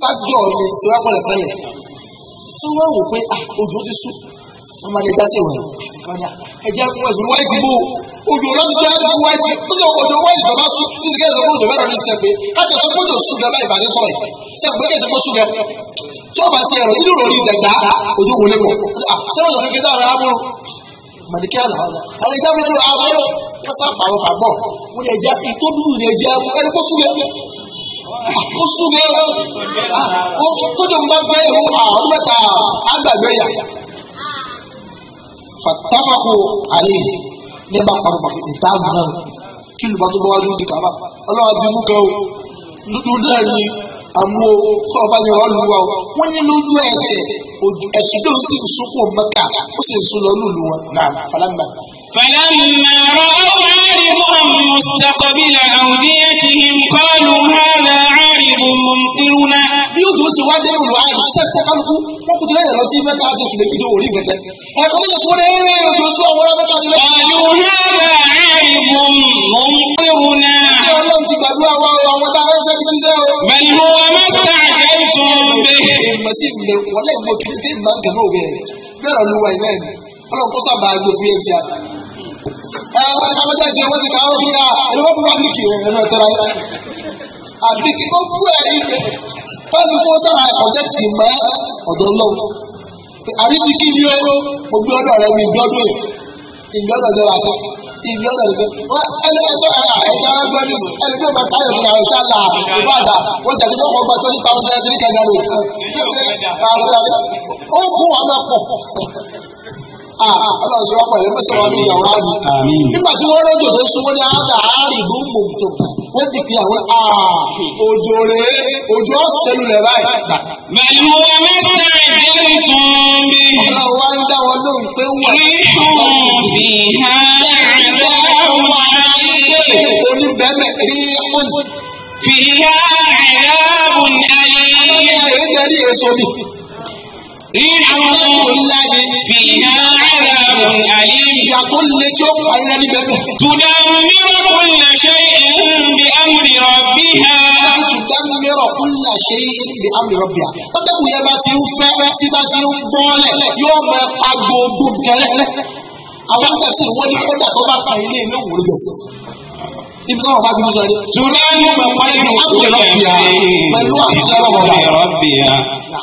sájọ ni tiwa pẹ̀lẹ́pẹ̀lẹ́ tó wá wò pé ojú ah, ti sùn wọn máa lè dásẹ wọn ẹjẹ ah, ẹsùn wáyé ti bó ojú ọlọ́dún jẹ́ ẹgbẹ́ wáyé ti ojú ọjọ́ wáyé ti bàbá sùn títí kẹ́sì ọgbọ́n òjò mẹ́rin ṣiṣẹ́ pé kájà sọ pé òjò sùn gẹ́gẹ́ báyìí bàjẹ́ sọ̀rọ̀ yìí ṣe àgbẹ̀ kẹ́sì pé sùn gẹ́gẹ́ tí ó bá ti ẹ̀rọ inú ìròyìn ìdẹ̀gbà ojú wọlé pọ̀ sẹ́wọ́n ah, ọ̀sán kékeré àwọn amúrú màdìkẹ́ àná àwọn ìjà mi ẹnu àwọn kásá fàwọn fàgbọ́ wọn ẹja ìtọ́dúnrún ẹja ẹni kó sùn gẹ́gẹ́ ó súnmọ́ kódò ń bá gbé ewu àwọn mẹ́ta àgbàgbé yà fàtàfàkù àlè ní bá pàrọ̀pà ìtààbù náà kí lùbá tó bá wájú di kàbá ọlọ́wà ti mú kan o dúdú náà ni àmú o tó ọba yẹn wà lùwà o wọ́n ní lójú ẹsẹ̀ ẹ̀sùn náà sì ń sunkún mẹ́ta ó sì ń sun lọ lùlù wọn náà falamẹ́. فلما رأوا عارضا مستقبل أوديتهم قالوا هذا عارض ممطرنا bí ó tó ṣe wá délé olùwà àrùn ṣe fẹ́ kálukú wọ́n kùtù lẹ́yìn lọ sí mẹ́ta àti oṣù méjì tó wò rí gbẹ̀tẹ̀ ẹ̀kọ́ tó yẹ sọ wọlé ẹ̀rọ tó sọ àwọn ará mẹ́ta àti lẹ́yìn. pàlú náírà àrìbù mò ń pèrò náà. ẹgbẹ́ ọlọ́run ti gbàdúrà wa àwọn tá a rẹ́ sẹ́kì tí ń sẹ́ o. pẹ̀lú amásà àjẹtùn bẹ́ẹ̀. ìmọ̀ sí ilẹ̀ wọlé ìmọ̀ kìrìsìtì máa ń gẹ̀rọ kábàjá ti wọ́n ti ká ọ́ fúnra ẹni wọ́n bu àbíkì rẹ̀ ọ tẹ́ra yìí àbíkì tó bú ẹ̀ yìí káàbí kó sára ọ̀jẹ́ tì mọ́ ọ̀dọ̀ lọ́wọ́ ọlọ́run ṣe wá pẹ̀lú mẹ́sàn-án wa ní ìyàwó àdì. nígbà tí wọ́n rẹ́jò tó súnmọ́ ní àdà àárìdú mòtò wọ́n ti fi àwọn òjò rẹ̀ òjò ọ̀sẹ̀lú rẹ̀ báyìí. pẹ̀lú mẹ́sàn-án ìjẹ́rìí tún bí. ọlọ́run wá ń dá wọn lóhùn pé wọ́n rí tún fi hàn ẹ̀rọ wà láyé. oníbẹ̀mẹ̀ rí ọ̀n. fi hàn ẹ̀rọ Fìyà àràbùn àlìm. Ìyà tó le tí ó parí lẹ́ni bẹ́ẹ̀. Tùdàmírọ̀ kúnlẹ̀ ṣe ìbí àmì rọ̀bì ha. Tùdàmírọ̀ kúnlẹ̀ ṣe ìbí àmì rọ̀bì ha. Tọ́tẹ́kù yẹn bá ti ń fẹ́ tí bá ti ń bọ́ọ̀lẹ̀ yóò tẹ̀sí ìwọ́n ní kọ́dà tó bá ka ilé ìlú òwúrọ̀ jẹ̀sí ibi sọ́wọ́ bá gbé sọ rí. Tùlẹ́nu pẹ̀pẹ́rẹ́ ni wọ́n ti rọ́bì yá pẹ̀lú àṣẹ ọlọ́mọba.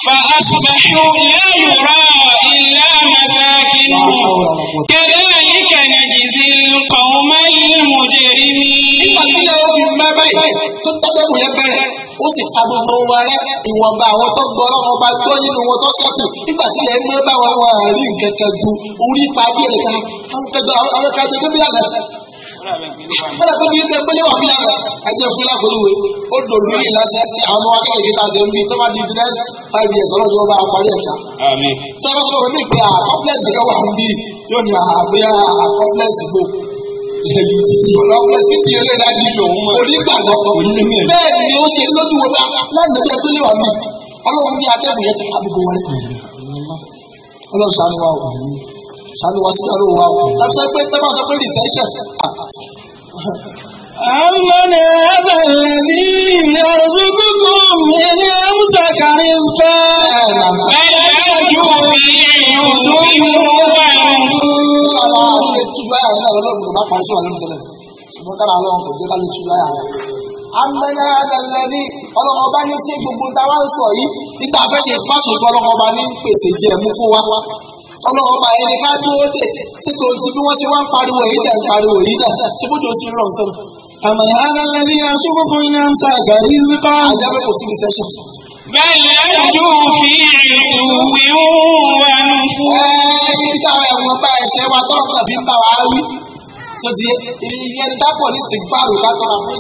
Fa asbahu la yura illa masakinuhum. Kadhalika najzil qawmal mujrimin. Nígbà tí ilé ó mẹ́ báyìí tó tẹ́tẹ́kù yẹn bẹ̀rẹ̀ ó sì fa gbogbo wa rẹ ìwọ̀nba àwọn tó gbọ́ ọlọ́run ọba gbọ́ nínú wọn tó sẹ́kù nígbà tí ilẹ̀ mẹ́ báwọn wọn àárín kẹ̀kẹ́ ju orí ìpàdé rẹ̀ kan àwọn kẹjọ àwọn kẹjọ tó bí àlẹ́ kọ́lá pé bíi pẹ́lẹ́ wà fúlà kan ẹjẹ fúlà polúwe ó dòdò yìí lásẹ̀ àwọn ọmọ akẹ́kọ̀ọ́ ìfita ṣe ń bí tó bá di the next five years ọlọ́dún wọn bá parí ẹ̀ka. sábà sọ fún mi pé à complex kan wà ń bí yóò ní àgbéyà complex bò ìlẹ́jú títì. complex títì yẹn lè dá di ìlú òun mọ́. onígbàgbọ́ bẹ́ẹ̀ ni ó ṣe lójú wo bá lánàá jẹ́ pẹ́lẹ́ wà mí ọlọ́run ní adẹ́gùn yẹn ti pàbí ṣàánú wa síbi àlóhùn wa o láti sọ pé tẹ́lẹ̀ sọ pé recession. أمن هذا الذي يرزقكم إن أمسك رزقا بل أجوا منهم ṣùgbọ́n kára àwọn ọkọ̀ jẹ́ ká ló tú láyà rẹ̀. amẹ́nà ẹ̀dẹ̀lẹ́bí ọlọ́mọ ọba ní sí gbogbo táwa yìí níta fẹ́ ṣe fásitì ọlọ́mọ ọba ní pèsè jẹ́ ọlọ́wọ́ bá ẹni ká dúró dè tí kò ti bí wọ́n ṣe wá ń pariwo èyí tẹ̀ ń pariwo èyí tẹ̀ tí bójú sí rọ̀ sọ́nà. àmọ́ ara lẹ́ni aṣọ́kọ̀ fún iná ń sa àgàrí zípa. àjábẹ́ kò sí ní sẹ́ṣọ̀. bẹ́ẹ̀ni ẹ̀jú fi ètò ìwé wà ń fún. ẹ ibi táwọn ẹ̀wọ̀n bá ẹsẹ̀ wa tọ́rọ̀ kan fi ń bá wa wí. tó ti ìyẹn dápọ̀ ní sìgbàrù látara fún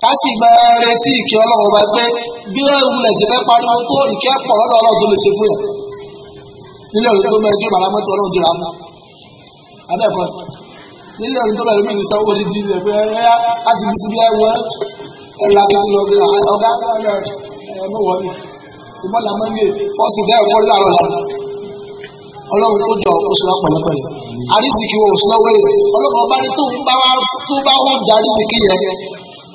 ká sì máa retí ìkẹ́ ọlọ́run ọba pé bí ìwúlẹ̀ ṣe fẹ́ pariwo tó ìkẹ́ pọ̀ lọ́dọ̀ ọlọ́run tó lè ṣe fún yẹn nílé òní tó bẹ̀rẹ̀ tí ó bàrà mọ́tò ọlọ́run ti rà mú abẹ́ẹ̀kọ́ nílé òní tó bẹ̀rẹ̀ mí sanwó ní jíjẹ pé ẹ̀yà láti fi síbi ẹ̀wọ̀ ẹ̀rọ akéwì lọ bí ọ̀gá ẹ̀mọ́ wọlé ìbọ̀là mọ́ndé fọ́sì bẹ́ẹ̀ kọ́ láàrọ̀ lọ ọlọ́run tó jọ oṣù wa pẹ̀lẹ́pẹ̀lẹ́ àrísìkì wọn ò sọ wẹ́yẹ ọlọ́run ọba ní tó ń bá wá darí sìkì yẹn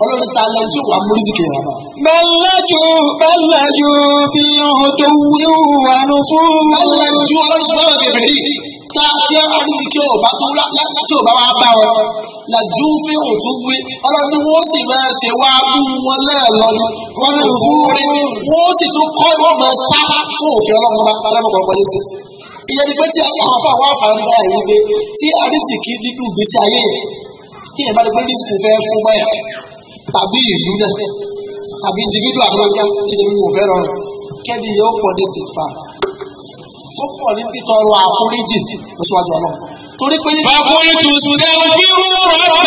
ọlọ́run ta lẹ́jọ́ wà mú rísìkì rẹ̀ náà. bẹ́lẹ́jù bẹ́lẹ́jù fi hàn tó wíwù àánú fún. bẹ́lẹ́jù ọlọ́run sọ fún ọ̀gẹ̀dẹ̀ rí ta tí rísìkì ọba tó tí ọba wa bá wọn. làjú fi hàn tó wí ọlọ́run ni wọ́n sì máa ṣe wá bú wọn náà ni wọ́n ní fún orí wọ́n sì tún kọ́ ìwọ̀n máa sá fún òfin ọlọ́run ọba ìyẹn ni pé tí àwọn afọ àwọn àfààní báyà yìí pé tí àrísìkì dídùn gbèsè ayé yẹn kí èèyàn bá lè pé rísìkì fẹ́ fún báyà tàbí ìlú náà tàbí individu àgbàgbà kí ni mo fẹ́ rọrùn kẹ́ni yóò pọ̀ ní sèfà ó pọ̀ ní títọrọ àforíjì lọ́síwájú ọlọ́run torí pé. Fakul tustaghfiru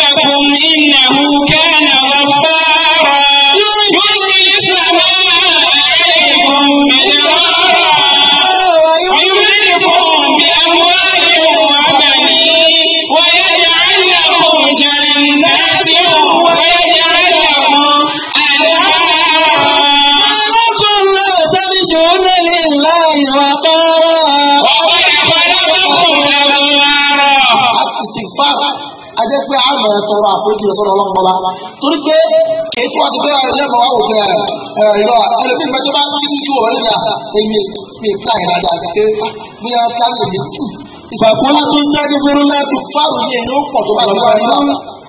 rabbakum innahu kana ghaffara yursil samaa alaykum midrara yumdidukum bi amwalin wa banin wa yaj'al lakum jannatin wa yaj'al Ọlọ́kùn lọ tẹ́lẹ̀ jù ú nílé ńlá ìwà pọ́ọ́rọ́. Ọ̀pọ̀ ìfọ̀lọ́kùn lọ́wọ́ rọ̀. Àtìfà a jẹ́ pé a máa tọrọ àforíjì lọ sọ́dọ̀ Ọlọ́run bọ́lá. Torí pé kì í tún wá sí pé ẹlẹ́mọ̀ wá wò pé ẹ̀rọ ẹlòmíì mẹ́tọ́ bá tí kí wọ́n nígbà èmi mi ta ìlà dáadáa pé bí a ta lè mi. Ìgbàgbọ́ látó dájú fún láti fáwọn èèyàn pọ̀ tó bá ti wà ní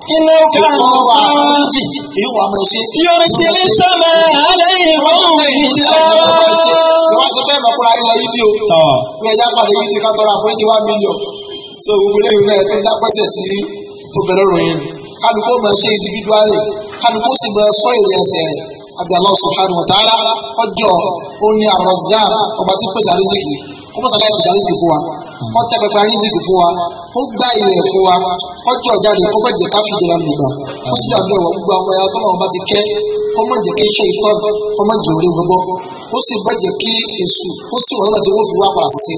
Iná ká wà jì. Yorùsílẹ̀ sọ́mà aláìyé ọ̀hún ìṣòro. Ìwọ́n ṣe fẹ́ mọ̀kúra ilẹ̀ yìí ni o. Bí ẹja pàdé yìí ti ká tọrọ àforíjì wá mílíọ̀nù. So gbogbo ilé ìwé ẹ̀ tó ń dápẹ́sẹ̀ sí rí tó bẹ̀rẹ̀ ròyìn. Kálukó máa ṣe individually. Kálukó sì máa sọ èrè ẹsẹ̀ rẹ̀. Àbí Allah subhanahu wa ta'ala ọjọ́ ó ní àrọ̀zá ọba tí pèsè àrísìkì. Kó mọ̀ sálẹ̀ pèsè àrísìkì fún wa ó tẹ pẹpẹ rízìkì fún wa ó gbá ilẹ̀ fún wa ó jọ jáde ó bẹ̀jẹ̀ ká fi ìdíra nìgbà ó sì dàbí ẹ̀wọ̀n gbogbo àwọn ẹ̀yà tọ́lọ́wọ́n bá ti kẹ́ ó mọ̀ jẹ́ kí iṣẹ́ ìtọ́ ó mọ̀ jẹ́ orí gbogbo ó sì bẹ̀jẹ̀ kí èṣù ó sì wọ́n lọ́dọ̀ wọ́n fi wá padà sí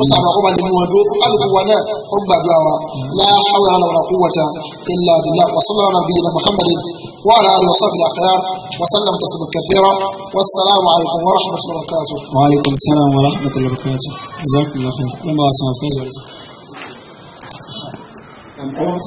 ó sì àwọn akọ́bàdé mú wọn dúró ó kálukú wa náà ó gbàdúrà wa la hawla wala quwwata illa billah wa sallallahu alaihi wa sallam وعلى آله وصحبه أخيار وسلم تسليما كثيرا والسلام عليكم ورحمة الله وبركاته وعليكم السلام ورحمة الله وبركاته جزاكم الله خير